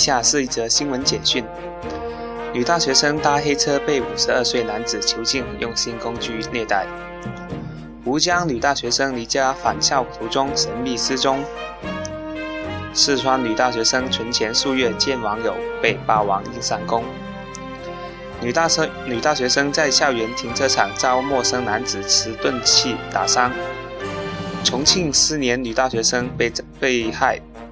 下是一則新聞簡訊：女大學生搭黑車被五十二歲男子囚禁，用新工具虐待；吳江女大學生離家返校途中神秘失蹤；四川女大學生存錢數月見網友，被霸王硬上弓；女大生女大學生在校園停車場遭陌生男子持鈍器打傷；重慶失聯女大學生被被害。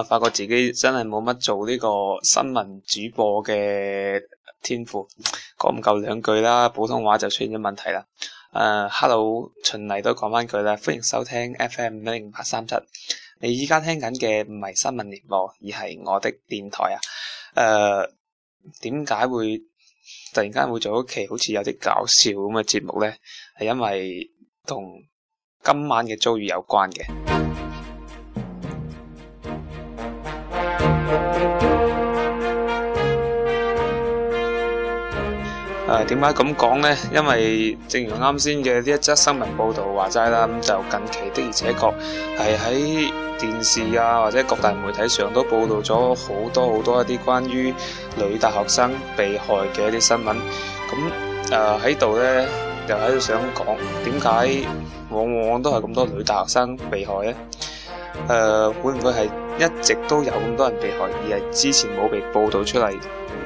啊、發覺自己真係冇乜做呢個新聞主播嘅天賦，講唔夠兩句啦，普通話就出現咗問題啦。誒、呃、Hello 循例都講翻句啦，歡迎收聽 FM 一零八三七，你依家聽緊嘅唔係新聞聯播，而係我的電台啊。誒、呃，點解會突然間會做一期好似有啲搞笑咁嘅節目呢？係因為同今晚嘅遭遇有關嘅。誒，點解咁講呢？因為正如啱先嘅呢一則新聞報道話齋啦，咁就近期的而且確係喺電視啊或者各大媒體上都報道咗好多好多一啲關於女大學生被害嘅一啲新聞。咁誒喺度呢，又喺度想講，點解往往都係咁多女大學生被害呢？誒、呃，會唔會係一直都有咁多人被害，而係之前冇被報道出嚟，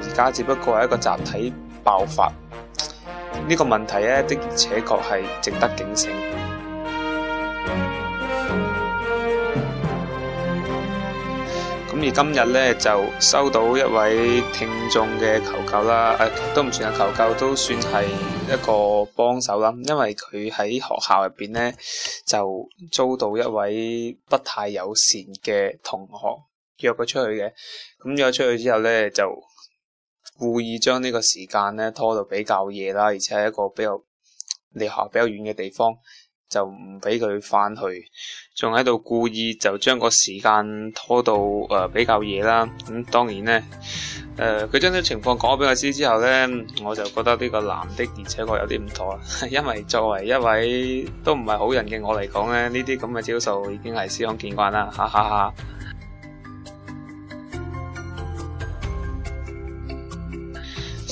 而家只不過係一個集體爆發？呢個問題咧，的而且確係值得警醒。咁而今日咧就收到一位聽眾嘅求救啦，誒、啊、都唔算係求救，都算係一個幫手啦。因為佢喺學校入邊咧就遭到一位不太友善嘅同學約佢出去嘅。咁約出去之後咧就故意將呢個時間咧拖到比較夜啦，而且係一個比較離學校比較遠嘅地方。就唔俾佢翻去，仲喺度故意就將個時間拖到誒、呃、比較夜啦。咁、嗯、當然呢，誒佢將啲情況講咗俾我知之後呢，我就覺得呢個男的而且確有啲唔妥，因為作為一位都唔係好人嘅我嚟講咧，呢啲咁嘅招數已經係司空見慣啦，哈哈哈，哈。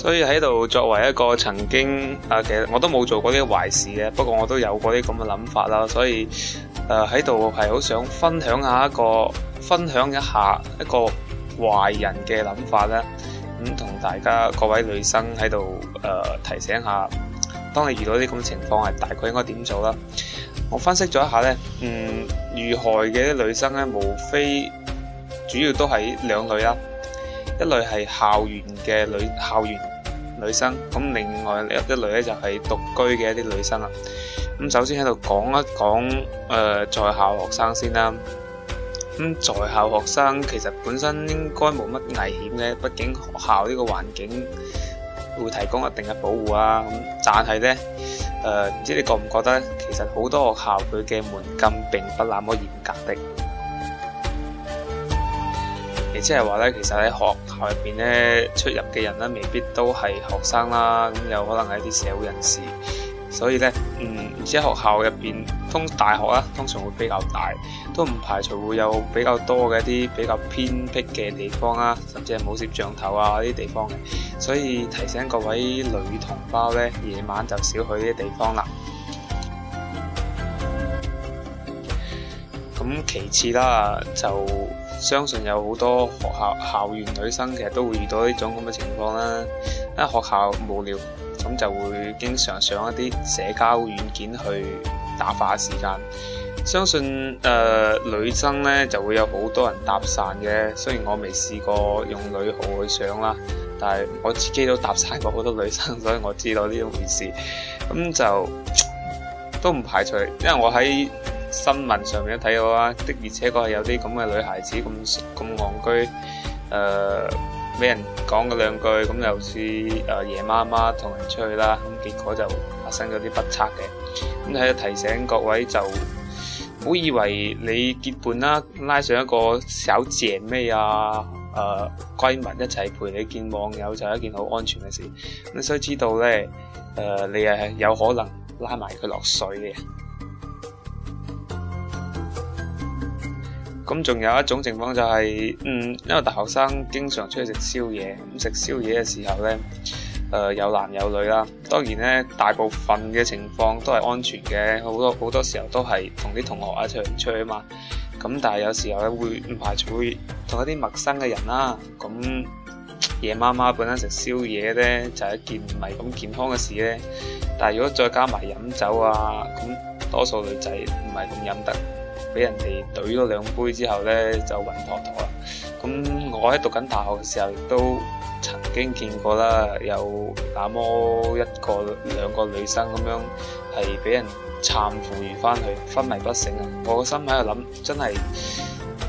所以喺度作為一個曾經啊，其實我都冇做過啲壞事嘅，不過我都有過啲咁嘅諗法啦。所以誒喺度係好想分享下一個，分享一下一個壞人嘅諗法啦。咁同大家各位女生喺度誒提醒下，當你遇到啲咁嘅情況，係大概應該點做啦？我分析咗一下咧，嗯，遇害嘅啲女生咧，無非主要都係兩類啦，一類係校園嘅女校園。女生咁，另外一類咧就係獨居嘅一啲女生啦。咁首先喺度講一講誒，在校學生先啦。咁在校學生其實本身應該冇乜危險嘅，畢竟學校呢個環境會提供一定嘅保護啊。咁但係咧誒，唔知你覺唔覺得咧，其實好多學校佢嘅門禁並不那麼嚴格的。亦即係話咧，其實喺學校入邊咧，出入嘅人咧，未必都係學生啦，咁有可能係一啲社會人士，所以咧，唔唔止喺學校入邊，通大學啦，通常會比較大，都唔排除會有比較多嘅一啲比較偏僻嘅地方啦，甚至係冇攝像頭啊啲地方嘅，所以提醒各位女同胞咧，夜晚就少去呢啲地方啦。咁其次啦，就。相信有好多學校校園女生其實都會遇到呢種咁嘅情況啦。因為學校無聊，咁就會經常上一啲社交軟件去打發時間。相信誒、呃、女生呢就會有好多人搭訕嘅。雖然我未試過用女號去上啦，但係我自己都搭訕過好多女生，所以我知道呢種回事。咁就都唔排除，因為我喺。新聞上面都睇到啦，的而且確係有啲咁嘅女孩子咁咁戇居，誒俾人講個兩句，咁又似誒夜媽媽同人出去啦，咁結果就發生咗啲不測嘅。咁喺度提醒各位，就唔好以為你結伴啦，拉上一個小姐妹啊，誒閨蜜一齊陪你見網友就係一件好安全嘅事。咁需知道咧，誒你係有可能拉埋佢落水嘅。咁仲有一種情況就係、是，嗯，因為大學生經常出去食宵夜，咁食宵夜嘅時候咧，誒、呃、有男有女啦。當然咧，大部分嘅情況都係安全嘅，好多好多時候都係同啲同學一齊出去啊嘛。咁但係有時候咧會唔排除同一啲陌生嘅人啦。咁、嗯、夜媽媽本身食宵夜咧就係、是、一件唔係咁健康嘅事咧。但係如果再加埋飲酒啊，咁多數女仔唔係咁飲得。俾人哋懟咗兩杯之後咧，就暈陀陀啦。咁我喺讀緊大學嘅時候，亦都曾經見過啦，有那麼一個兩個女生咁樣係俾人攙扶住翻去，昏迷不醒啊！我個心喺度諗，真係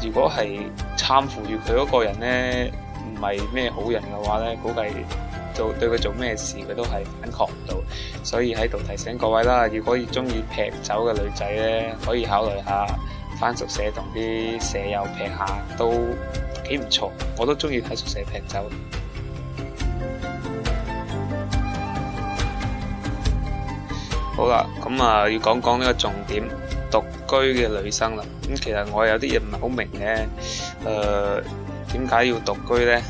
如果係攙扶住佢嗰個人咧，唔係咩好人嘅話咧，估計。做對佢做咩事，佢都係反抗唔到，所以喺度提醒各位啦。如果中意劈酒嘅女仔咧，可以考慮下翻宿舍同啲舍友劈下都幾唔錯。我都中意喺宿舍劈酒。 好啦，咁、嗯、啊要講講呢個重點，獨居嘅女生啦。咁、嗯、其實我有啲嘢唔係好明咧，誒、呃，點解要獨居咧？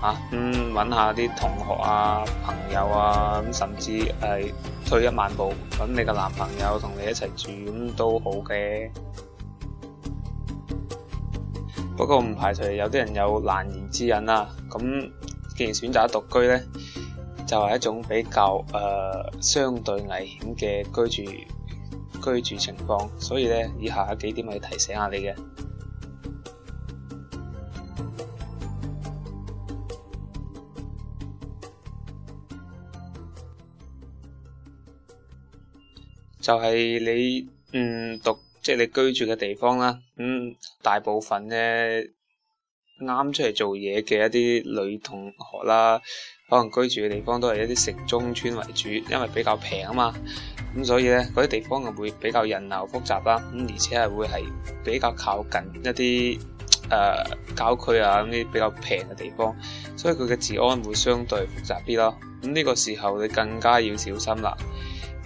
啊，咁、嗯、搵下啲同學啊、朋友啊，咁甚至係退、哎、一萬步搵你個男朋友同你一齊住，咁都好嘅。不過唔排除有啲人有難言之隱啦、啊。咁既然選擇獨居咧，就係、是、一種比較誒、呃、相對危險嘅居住居住情況。所以咧，以下嘅幾點係提醒下你嘅。就係你嗯讀即係、就是、你居住嘅地方啦，咁、嗯、大部分咧啱出嚟做嘢嘅一啲女同學啦，可能居住嘅地方都係一啲城中村為主，因為比較平啊嘛，咁所以咧嗰啲地方就會比較人流複雜啦，咁而且係會係比較靠近一啲誒郊區啊咁啲比較平嘅地方，所以佢嘅治安會相對複雜啲咯，咁呢個時候你更加要小心啦。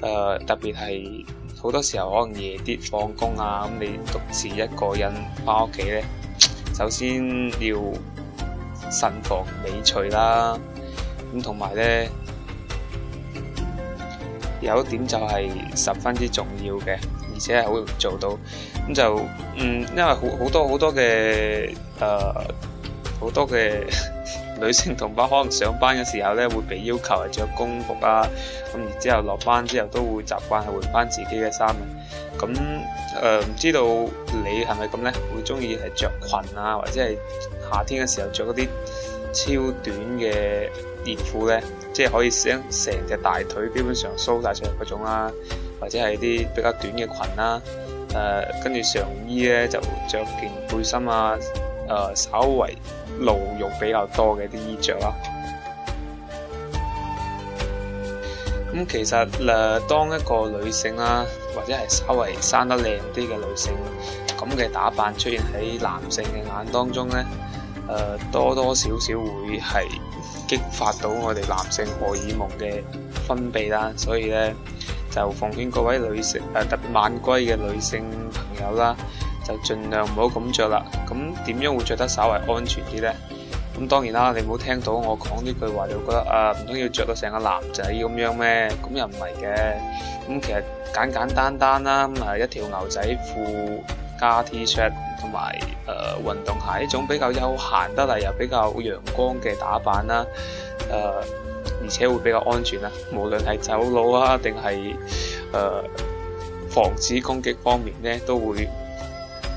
誒、呃、特別係好多時候可能夜啲放工啊，咁你獨自一個人翻屋企咧，首先要慎防尾隨啦。咁同埋咧，有一點就係十分之重要嘅，而且係好容易做到。咁就嗯，因為好好多好多嘅誒，好多嘅。 女性同胞可能上班嘅時候咧，會被要求係着公服啊，咁之後落班之後都會習慣係換翻自己嘅衫。咁誒、唔、呃、知道你係咪咁咧？會中意係着裙啊，或者係夏天嘅時候着嗰啲超短嘅熱褲咧，即係可以將成隻大腿基本上 show 晒出嚟嗰種啊，或者係啲比較短嘅裙啦、啊。誒、呃，跟住上衣咧就着件背心啊。誒、呃，稍為露肉比較多嘅啲衣着啦。咁、嗯、其實誒、呃，當一個女性啦，或者係稍微生得靚啲嘅女性，咁嘅打扮出現喺男性嘅眼當中呢，誒、呃，多多少少會係激發到我哋男性荷爾蒙嘅分泌啦。所以呢，就奉勸各位女性，誒、呃，特別晚歸嘅女性朋友啦。就儘量唔好咁着啦。咁點樣會着得稍為安全啲呢？咁當然啦，你冇聽到我講呢句話，你會覺得啊，唔通要着到成個男仔咁樣咩？咁又唔係嘅。咁其實簡簡單單單啦，咁一條牛仔褲加 T 恤同埋誒運動鞋，一種比較休閒得嚟又比較陽光嘅打扮啦。誒、呃，而且會比較安全啦。無論係走路啊，定係誒防止攻擊方面呢，都會。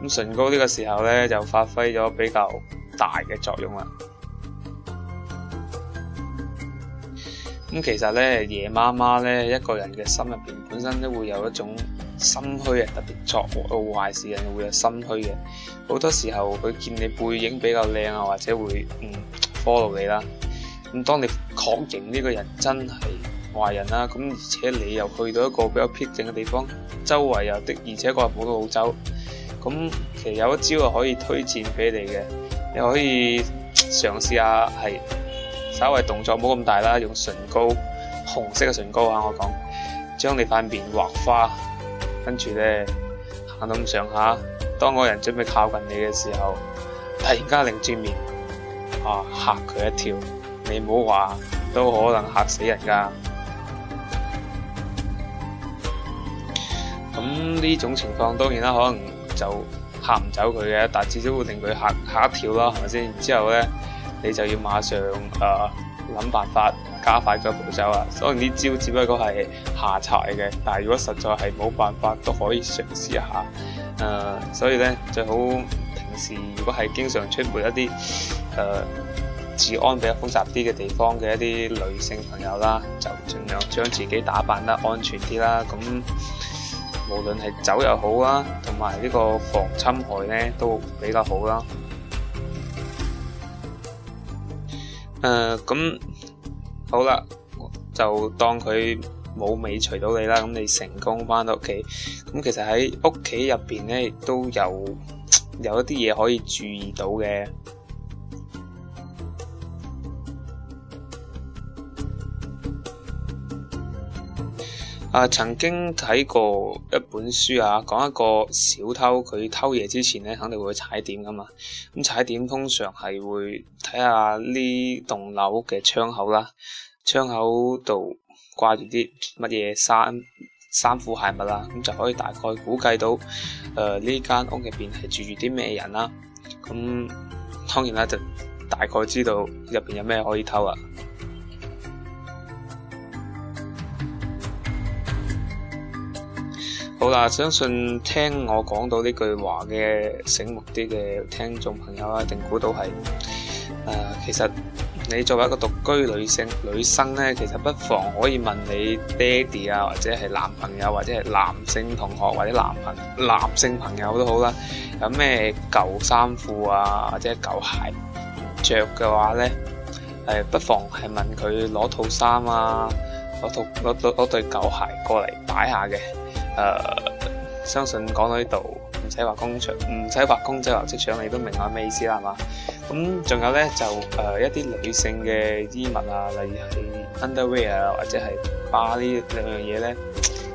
咁唇膏呢個時候呢，就發揮咗比較大嘅作用啦。咁其實呢，夜媽媽呢，一個人嘅心入邊本身都會有一種心虛啊，特別作惡壞事人會有心虛嘅。好多時候佢見你背影比較靚啊，或者會嗯 follow 你啦。咁當你確認呢個人真係壞人啦，咁而且你又去到一個比較僻靜嘅地方，周圍又的而且個人都好走。咁其實有一招啊，可以推薦俾你嘅，你可以嘗試下，係稍微動作冇咁大啦，用唇膏紅色嘅唇膏啊，我講，將你塊面畫花，跟住咧行到咁上下，當個人準備靠近你嘅時候，突然間擰轉面啊嚇佢一跳，你唔好話都可能嚇死人㗎。咁呢種情況當然啦，可能。就嚇唔走佢嘅，但至少會令佢嚇嚇一跳啦，係咪先？然之後咧，你就要馬上誒諗、呃、辦法加快個步驟啦、呃。所以呢招只不過係下策嘅，但係如果實在係冇辦法，都可以嘗試一下。誒，所以咧最好平時如果係經常出沒一啲誒、呃、治安比較複雜啲嘅地方嘅一啲女性朋友啦，就盡量將自己打扮得安全啲啦。咁。無論係走又好啊，同埋呢個防侵害咧，都比較好啦。誒，咁好啦，就當佢冇尾隨到你啦。咁你成功翻到屋企，咁其實喺屋企入邊咧，都有有一啲嘢可以注意到嘅。啊，曾經睇過一本書啊，講一個小偷佢偷嘢之前咧，肯定會踩點㗎嘛。咁踩點通常係會睇下呢棟樓嘅窗口啦，窗口度掛住啲乜嘢衫衫褲鞋襪啦，咁就可以大概估計到誒呢、呃、間屋入邊係住住啲咩人啦。咁當然啦，就大概知道入邊有咩可以偷啊。好啦，相信聽我講到呢句話嘅醒目啲嘅聽眾朋友啊，定估到係誒，其實你作為一個獨居女性、女生咧，其實不妨可以問你爹哋啊，或者係男朋友，或者係男性同學或者男男性朋友都好啦。有咩舊衫褲啊，或者舊鞋着嘅話咧，誒，不妨係問佢攞套衫啊，攞套攞攞攞對舊鞋過嚟擺下嘅。誒、呃，相信講到呢度，唔使話公尺，唔使話公仔，或者尺，你都明白咩意思啦，係嘛？咁仲有咧，就誒、呃、一啲女性嘅衣物啊，例如係 underwear 啊，或者係 bra 呢兩樣嘢咧，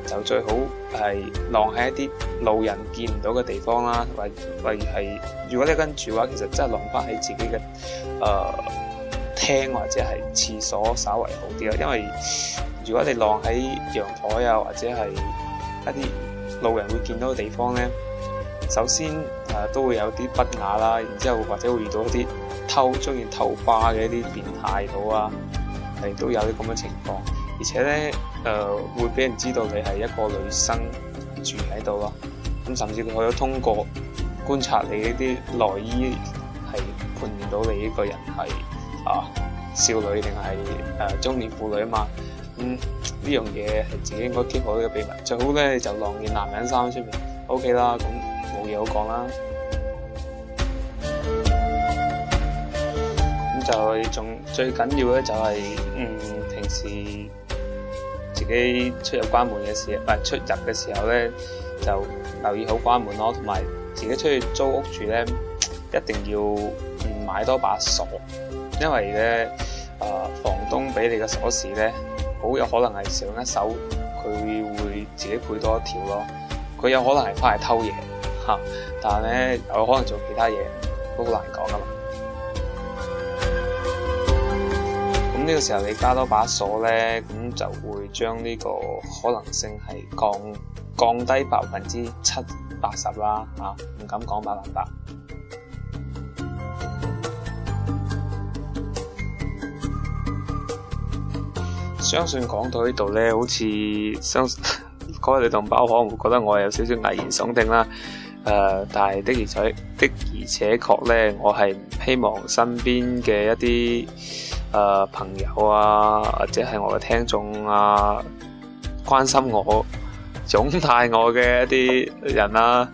就最好係晾喺一啲路人見唔到嘅地方啦、啊，或如係如果你跟住嘅話，其實真係晾翻喺自己嘅誒、呃、廳或者係廁所稍為好啲啦，因為如果你晾喺陽台啊或者係。一啲路人會見到嘅地方咧，首先誒、呃、都會有啲不雅啦，然之後或者會遇到一啲偷中意偷拍嘅一啲變態佬啊，亦都有啲咁嘅情況，而且咧誒、呃、會俾人知道你係一個女生住喺度啦，咁甚至佢可以通過觀察你呢啲內衣係判斷到你呢個人係啊少女定係誒中年婦女啊嘛。嗯，呢樣嘢係自己應該 keep 好呢個秘密，最好咧就晾件男人衫出面，OK 啦，咁冇嘢好講啦。咁、嗯、就係、是、仲最緊要咧、就是，就係嗯平時自己出入關門嘅時候，哎、出入嘅時候咧，就留意好關門咯，同埋自己出去租屋住咧，一定要買多把鎖，因為咧啊、呃、房東俾你嘅鎖匙咧。好有可能係上一手，佢會自己配多一條咯。佢有可能係翻嚟偷嘢吓，但係咧有可能做其他嘢都好難講噶啦。咁呢 個時候你加多把鎖咧，咁就會將呢個可能性係降降低百分之七八十啦吓，唔敢講百分百。相信講到呢度呢，好似相 各位女同胞可能會覺得我有少少危言聳聽啦。誒、呃，但係的而且的而且確呢，我係唔希望身邊嘅一啲誒、呃、朋友啊，或者係我嘅聽眾啊，關心我、擁戴我嘅一啲人啦、啊，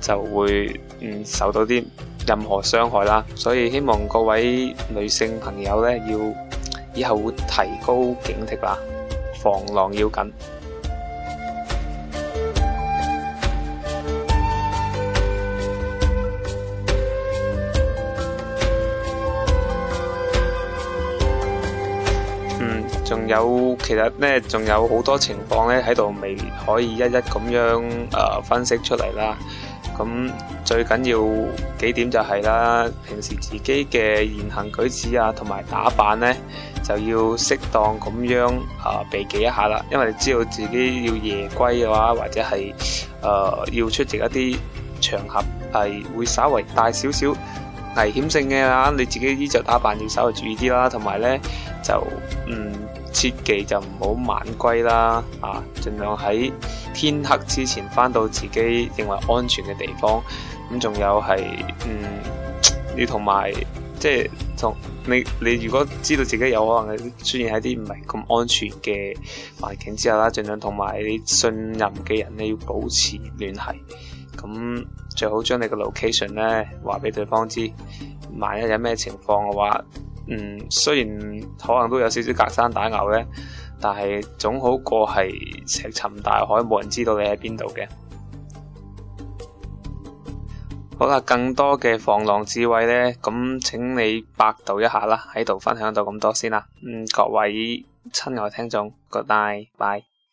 就會嗯受到啲任何傷害啦。所以希望各位女性朋友呢要。以後會提高警惕啦，防狼要緊。嗯，仲有其實呢，仲有好多情況呢，喺度未可以一一咁樣誒、呃、分析出嚟啦。咁、嗯、最緊要幾點就係啦，平時自己嘅言行舉止啊，同埋打扮呢。就要適當咁樣啊避忌一下啦，因為你知道自己要夜歸嘅話，或者係誒、呃、要出席一啲場合係、呃、會稍為大少少危險性嘅啊，你自己衣著打扮要稍為注意啲啦，同埋呢就嗯、切忌就唔好晚歸啦啊，儘量喺天黑之前返到自己認為安全嘅地方。咁、嗯、仲有係嗯、要同埋。即係同你你如果知道自己有可能出現喺啲唔係咁安全嘅環境之下啦，盡量同埋你信任嘅人你要保持聯繫，咁最好將你個 location 咧，話俾對方知，萬一有咩情況嘅話，嗯雖然可能都有少少隔山打牛咧，但係總好過係石沉大海，冇人知道你喺邊度嘅。好啦，更多嘅防狼智慧咧，咁請你百度一下啦，喺度分享到咁多先啦。嗯，各位親愛聽眾，goodbye